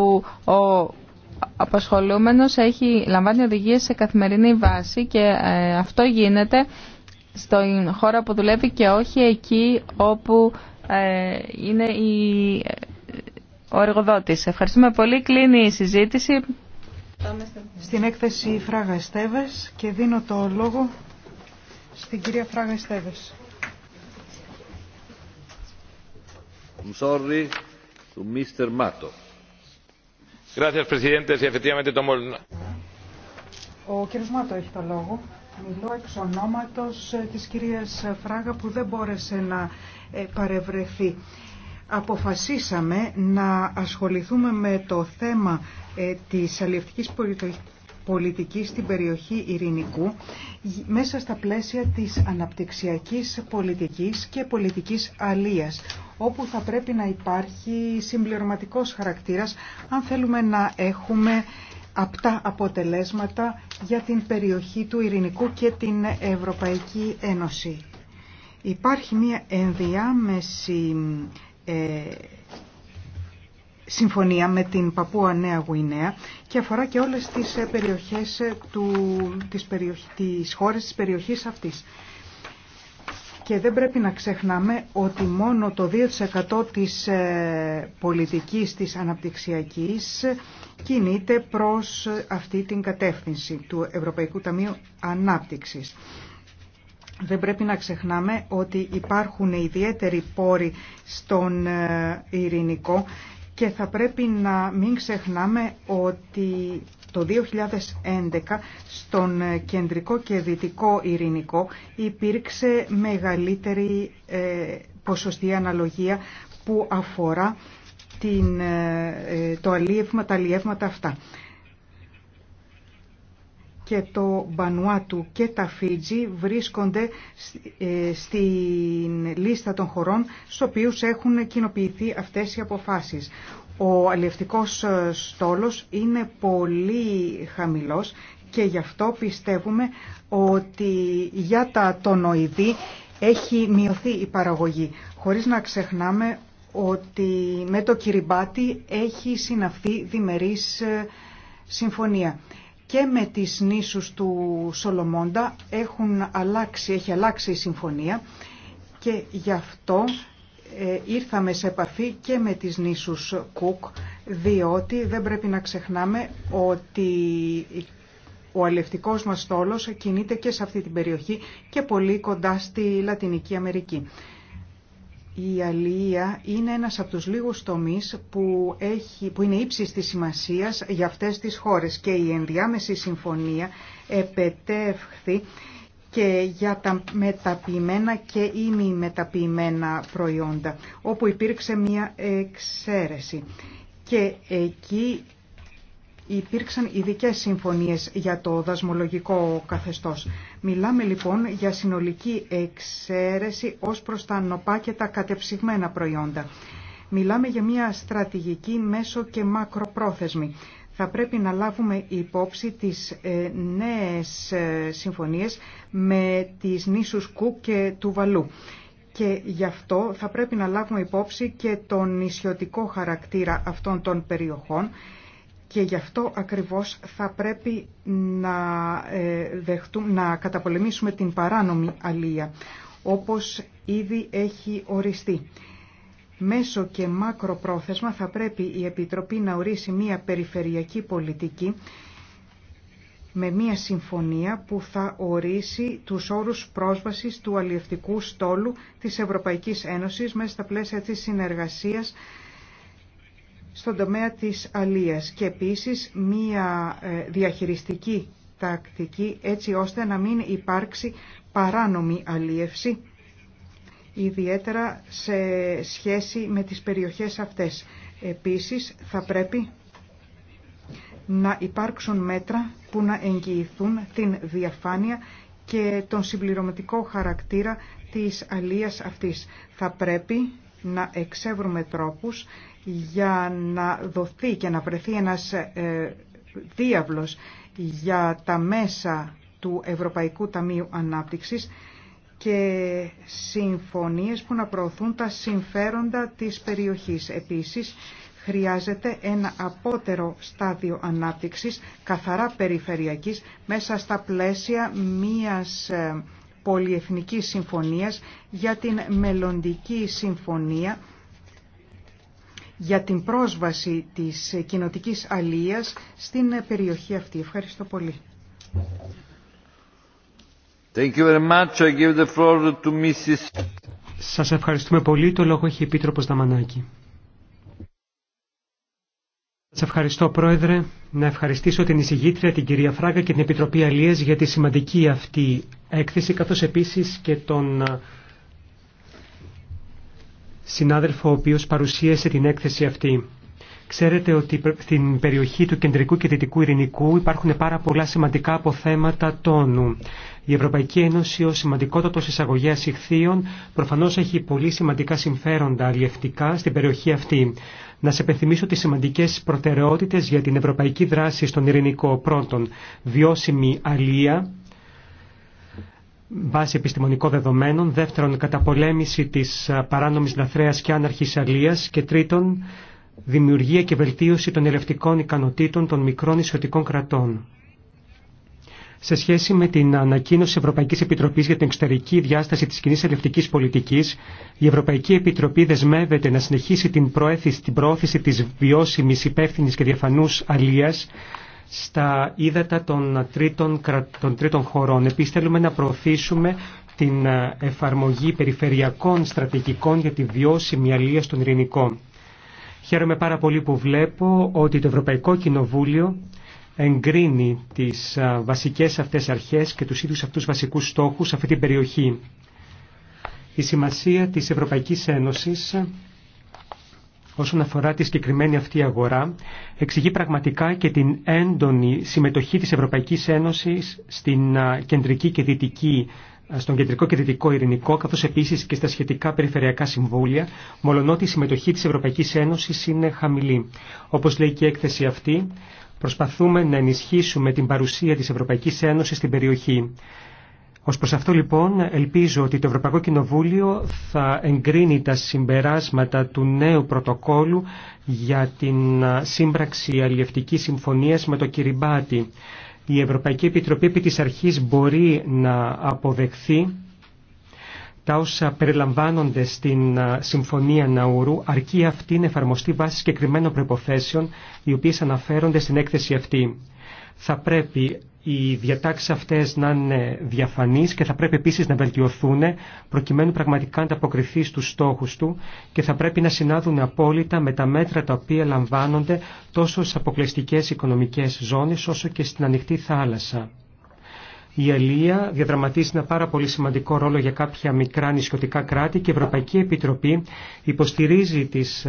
που ο απασχολούμενος έχει, λαμβάνει οδηγίες σε καθημερινή βάση και ε, αυτό γίνεται στην χώρα που δουλεύει και όχι εκεί όπου ε, είναι η, ε, ο εργοδότης. Ευχαριστούμε πολύ. Κλείνει η συζήτηση. Στην έκθεση Φράγα Στέβες και δίνω το λόγο στην κυρία Φράγα Στέβες. I'm sorry to Mr. Mato. Ο κύριο Μάτο έχει το λόγο. Μιλώ εξ ονόματος ε, της κυρίας Φράγα που δεν μπόρεσε να ε, παρευρεθεί. Αποφασίσαμε να ασχοληθούμε με το θέμα ε, της αλληλευτικής πολιτικής στην περιοχή Ειρηνικού μέσα στα πλαίσια της αναπτυξιακής πολιτικής και πολιτικής αλίας, όπου θα πρέπει να υπάρχει συμπληρωματικός χαρακτήρας αν θέλουμε να έχουμε απτά αποτελέσματα για την περιοχή του Ειρηνικού και την Ευρωπαϊκή Ένωση. Υπάρχει μια ενδιάμεση ε, συμφωνία με την Παππού Νέα Γουινέα και αφορά και όλες τις ε, περιοχές ε, του, της, περιοχ, χώρες της περιοχής αυτής. Και δεν πρέπει να ξεχνάμε ότι μόνο το 2% της ε, πολιτικής της αναπτυξιακής κινείται προς αυτή την κατεύθυνση του Ευρωπαϊκού Ταμείου Ανάπτυξης. Δεν πρέπει να ξεχνάμε ότι υπάρχουν ιδιαίτεροι πόροι στον ειρηνικό και θα πρέπει να μην ξεχνάμε ότι το 2011 στον κεντρικό και δυτικό ειρηνικό υπήρξε μεγαλύτερη ε, ποσοστή αναλογία που αφορά την, ε, το αλίευμα τα αλλιεύματα αυτά και το Μπανουάτου και τα Φίτζι βρίσκονται ε, στην λίστα των χωρών στους οποίους έχουν κοινοποιηθεί αυτές οι αποφάσεις. Ο αλλιευτικός ε, στόλος είναι πολύ χαμηλός και γι' αυτό πιστεύουμε ότι για τα τονοειδή έχει μειωθεί η παραγωγή. Χωρίς να ξεχνάμε ότι με το Κυριμπάτι έχει συναυθεί διμερής ε, συμφωνία και με τις νήσους του Σολομόντα έχουν αλλάξει, έχει αλλάξει η συμφωνία και γι' αυτό ε, ήρθαμε σε επαφή και με τις νήσους Κουκ διότι δεν πρέπει να ξεχνάμε ότι ο αλευτικός μας στόλος κινείται και σε αυτή την περιοχή και πολύ κοντά στη Λατινική Αμερική. Η αλληλεία είναι ένας από τους λίγους τομείς που, έχει, που είναι ύψης της σημασίας για αυτές τις χώρες και η ενδιάμεση συμφωνία επετεύχθη και για τα μεταποιημένα και ημιμεταποιημένα προϊόντα, όπου υπήρξε μια εξαίρεση. Και εκεί υπήρξαν ειδικέ συμφωνίε για το δασμολογικό καθεστώς. Μιλάμε λοιπόν για συνολική εξαίρεση ως προ τα νοπά και τα κατεψυγμένα προϊόντα. Μιλάμε για μια στρατηγική μέσο και μακροπρόθεσμη. Θα πρέπει να λάβουμε υπόψη τις ε, νέες ε, συμφωνίες με τις νήσους Κου και του Βαλού και γι' αυτό θα πρέπει να λάβουμε υπόψη και τον νησιωτικό χαρακτήρα αυτών των περιοχών και γι' αυτό ακριβώς θα πρέπει να, ε, δεχτούμε, να καταπολεμήσουμε την παράνομη αλία, όπως ήδη έχει οριστεί. Μέσο και μακροπρόθεσμα θα πρέπει η Επιτροπή να ορίσει μια περιφερειακή πολιτική με μια συμφωνία που θα ορίσει τους όρους πρόσβασης του αλλιευτικού στόλου της Ευρωπαϊκής Ένωσης μέσα στα πλαίσια της συνεργασίας στον τομέα της αλίας και επίσης μία ε, διαχειριστική τακτική έτσι ώστε να μην υπάρξει παράνομη αλίευση ιδιαίτερα σε σχέση με τις περιοχές αυτές. Επίσης θα πρέπει να υπάρξουν μέτρα που να εγγυηθούν την διαφάνεια και τον συμπληρωματικό χαρακτήρα της αλίας αυτής. Θα πρέπει να εξεύρουμε τρόπους για να δοθεί και να βρεθεί ένας ε, διάβλος για τα μέσα του Ευρωπαϊκού Ταμείου Ανάπτυξης και συμφωνίες που να προωθούν τα συμφέροντα της περιοχής. Επίσης, χρειάζεται ένα απότερο στάδιο ανάπτυξης καθαρά περιφερειακής μέσα στα πλαίσια μιας ε, πολυεθνικής συμφωνίας για την μελλοντική συμφωνία για την πρόσβαση της κοινοτικής αλίας στην περιοχή αυτή. Ευχαριστώ πολύ. Thank you very much. I give the floor to Mrs. Σας ευχαριστούμε πολύ. Το λόγο έχει η Επίτροπος Δαμανάκη. Σας ευχαριστώ Πρόεδρε. Να ευχαριστήσω την εισηγήτρια, την κυρία Φράγκα και την Επιτροπή Αλίες για τη σημαντική αυτή έκθεση καθώς επίσης και τον ε, συνάδελφο ο οποίος παρουσίασε την έκθεση αυτή. Ξέρετε ότι στην περιοχή του κεντρικού και δυτικού ειρηνικού υπάρχουν πάρα πολλά σημαντικά αποθέματα τόνου. Η Ευρωπαϊκή Ένωση ως σημαντικότατος εισαγωγέας ηχθείων προφανώς έχει πολύ σημαντικά συμφέροντα αλλιευτικά στην περιοχή αυτή. Να σε επενθυμίσω τις σημαντικές προτεραιότητες για την ευρωπαϊκή δράση στον ειρηνικό πρώτον. Βιώσιμη αλία, βάσει επιστημονικών δεδομένων, δεύτερον καταπολέμηση της παράνομης λαθρέας και άναρχης αλίας και τρίτον δημιουργία και βελτίωση των ελευτικών ικανοτήτων των μικρών ισιωτικών κρατών. Σε σχέση με την ανακοίνωση Ευρωπαϊκή Επιτροπή για την εξωτερική διάσταση τη κοινή ελευτική πολιτική, η Ευρωπαϊκή Επιτροπή δεσμεύεται να συνεχίσει την, προώθηση, τη βιώσιμη, υπεύθυνη και διαφανού αλίας στα ύδατα των τρίτων, των τρίτων χωρών. Επίσης θέλουμε να προωθήσουμε την ε, εφαρμογή περιφερειακών στρατηγικών για τη βιώσιμη αλία στον ειρηνικών. Χαίρομαι πάρα πολύ που βλέπω ότι το Ευρωπαϊκό Κοινοβούλιο εγκρίνει τις ε, βασικές αυτές αρχές και τους ίδιους αυτούς βασικούς στόχους σε αυτή την περιοχή. Η σημασία της Ευρωπαϊκής Ένωσης όσον αφορά τη συγκεκριμένη αυτή αγορά εξηγεί πραγματικά και την έντονη συμμετοχή της Ευρωπαϊκής Ένωσης στην κεντρική και στον κεντρικό και δυτικό ειρηνικό, καθώ επίση και στα σχετικά περιφερειακά συμβούλια, μολονότι η συμμετοχή τη Ευρωπαϊκή Ένωση είναι χαμηλή. Όπω λέει και η έκθεση αυτή, προσπαθούμε να ενισχύσουμε την παρουσία τη Ευρωπαϊκή Ένωση στην περιοχή. Ως προς αυτό λοιπόν ελπίζω ότι το Ευρωπαϊκό Κοινοβούλιο θα εγκρίνει τα συμπεράσματα του νέου πρωτοκόλου για την σύμπραξη αλληλευτικής συμφωνίας με το Κυριμπάτι. Η Ευρωπαϊκή Επιτροπή επί της αρχής μπορεί να αποδεχθεί τα όσα περιλαμβάνονται στην Συμφωνία Ναούρου, αρκεί αυτή να εφαρμοστεί βάσει συγκεκριμένων προποθέσεων, οι οποίες αναφέρονται στην έκθεση αυτή. Θα πρέπει οι διατάξεις αυτές να είναι διαφανείς και θα πρέπει επίσης να βελτιωθούν προκειμένου πραγματικά να ανταποκριθεί στους στόχους του και θα πρέπει να συνάδουν απόλυτα με τα μέτρα τα οποία λαμβάνονται τόσο στις αποκλειστικές οικονομικές ζώνες όσο και στην ανοιχτή θάλασσα. Η Αλία διαδραματίζει ένα πάρα πολύ σημαντικό ρόλο για κάποια μικρά νησιωτικά κράτη και η Ευρωπαϊκή Επιτροπή υποστηρίζει τις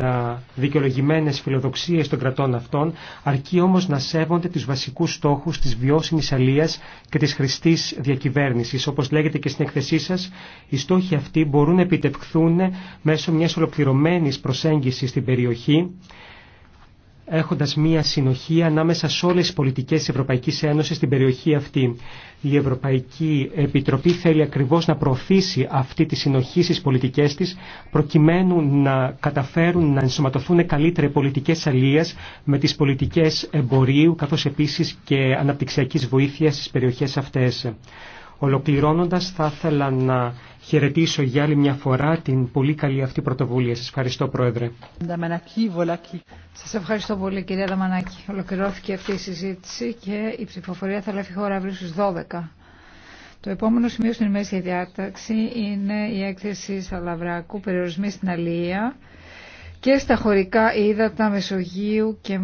δικαιολογημένες φιλοδοξίες των κρατών αυτών, αρκεί όμως να σέβονται τους βασικούς στόχους της βιώσιμης αλίας και της χρηστής διακυβέρνησης. Όπως λέγεται και στην εκθεσή σας, οι στόχοι αυτοί μπορούν να επιτευχθούν μέσω μιας ολοκληρωμένης προσέγγισης στην περιοχή έχοντας μία συνοχή ανάμεσα σε όλες τις πολιτικές της Ευρωπαϊκής Ένωσης στην περιοχή αυτή. Η Ευρωπαϊκή Επιτροπή θέλει ακριβώς να προωθήσει αυτή τη συνοχή στις πολιτικές της, προκειμένου να καταφέρουν να ενσωματωθούν καλύτερα οι πολιτικές αλίας με τις πολιτικές εμπορίου, καθώς επίσης και αναπτυξιακής βοήθειας στις περιοχές αυτές. Ολοκληρώνοντας θα ήθελα να χαιρετήσω για άλλη μια φορά την πολύ καλή αυτή πρωτοβουλία. Σας ευχαριστώ Πρόεδρε. Σας ευχαριστώ πολύ κυρία Δαμανάκη. Ολοκληρώθηκε αυτή η συζήτηση και η ψηφοφορία θα λάβει χώρα αύριο στις 12. Το επόμενο σημείο στην ημέρα διάταξη είναι η έκθεση Σαλαβράκου περιορισμή στην Αλία και στα χωρικά ύδατα Μεσογείου και